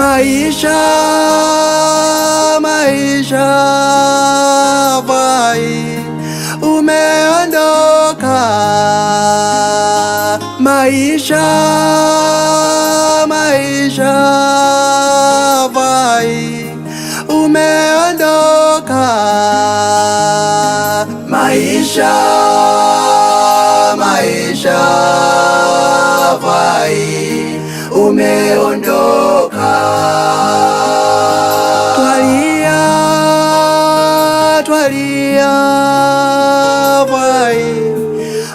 maisha maisha vai umeondoka maisha maisha vai umeondoka maisha maisha vai umeondoka tumechoka, twalia twalia, bwai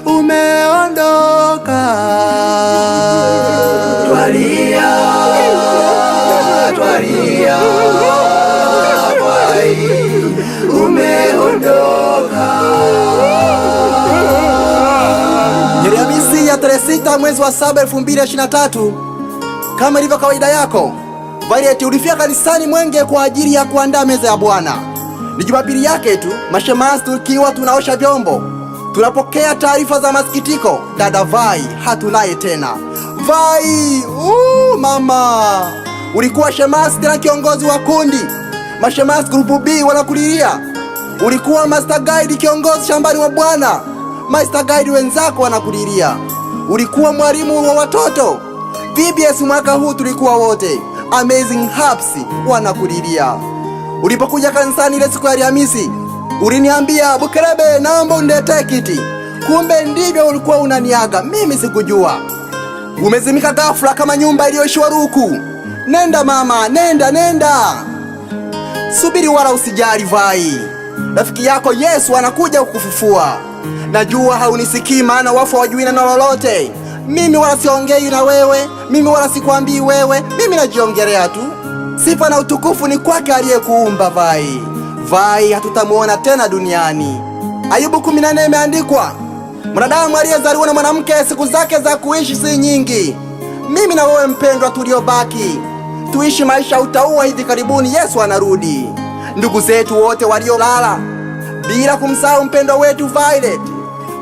umeondoka, twalia twalia, bwai umeondoka. ya tarehe mwezi wa 7 2023 kama ilivyo kawaida yako, Vaileth ulifia kanisani Mwenge kwa ajili ya kuandaa meza ya Bwana. Ni Jumapili yake tu, mashemasi tukiwa tunaosha vyombo, tunapokea taarifa za masikitiko, dada Vai hatunaye tena. Vai uu, mama ulikuwa shemasi tena kiongozi wa kundi, mashemasi grupu B wanakulilia. Ulikuwa master guide kiongozi shambani wa Bwana, master guide wenzako wanakulilia. Ulikuwa mwalimu wa watoto VBS mwaka huu tulikuwa wote. Amazing Hubs wanakulilia. Ulipokuja kanisani ile siku ya Alhamisi, uliniambia Bukelebe, naomba uniletee kiti. Kumbe ndivyo ulikuwa unaniaga, mimi sikujua. Umezimika ghafla kama nyumba iliyoishiwa ruku. Nenda mama, nenda nenda, subiri wala usijali vai, rafiki yako Yesu anakuja kukufufua. Najua haunisikii, maana wafu hawajui neno lolote. Mimi wala siongei na wewe, mimi wala sikwambii wewe, mimi najiongelea tu. Sifa na utukufu ni kwake aliyekuumba vai vai, hatutamuona tena duniani. Ayubu 14 imeandikwa, mwanadamu aliyezaliwa na mwanamke siku zake za kuishi si nyingi. Mimi na wewe mpendwa, tuliobaki tuishi maisha utaua, hivi karibuni Yesu anarudi. Ndugu zetu wote waliolala, bila kumsahau mpendwa wetu Violet,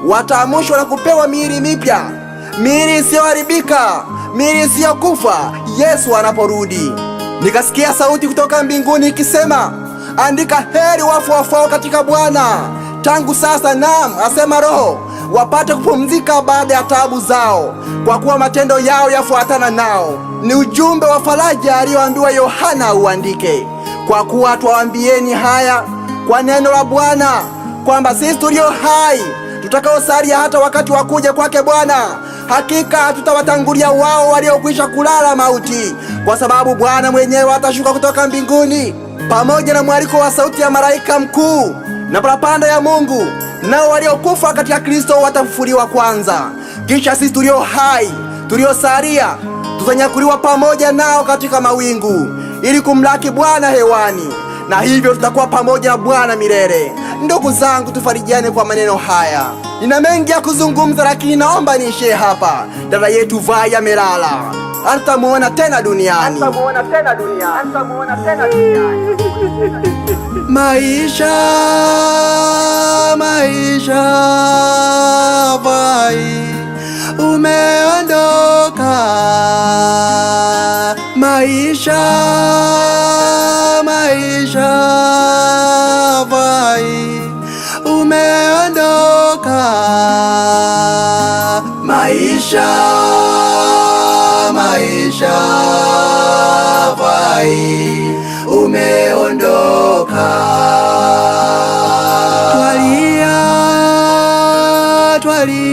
wataamshwa na kupewa miili mipya miili isiyoharibika, miili isiyokufa Yesu anaporudi. Nikasikia sauti kutoka mbinguni ikisema, andika, heri wafu wafao katika Bwana tangu sasa, naam asema Roho, wapate kupumzika baada ya taabu zao, kwa kuwa matendo yao yafuatana nao. Ni ujumbe wa faraja aliyoambiwa Yohana uandike. Kwa kuwa twawaambieni haya kwa neno la Bwana, kwamba sisi tulio hai tutakaosalia hata wakati wa kuja kwake Bwana Hakika tutawatangulia wao waliokwisha kulala mauti, kwa sababu Bwana mwenyewe atashuka kutoka mbinguni pamoja na mwaliko wa sauti ya malaika mkuu na parapanda ya Mungu, nao waliokufa katika Kristo watafufuliwa kwanza. Kisha sisi tulio hai tuliosalia tutanyakuliwa pamoja nao katika mawingu ili kumlaki Bwana hewani, na hivyo tutakuwa pamoja na Bwana milele. Ndugu zangu, tufarijiane kwa maneno haya. Nina mengi ya kuzungumza, lakini naomba niishie hapa. Dada yetu Vai amelala, hatamuona tena duniani, hatamuona tena duniani, hatamuona tena duniani. Maisha, maisha, Vai umeondoka, maisha, maisha, Vai umeondoka maisha maisha vai umeondoka, twalia twalia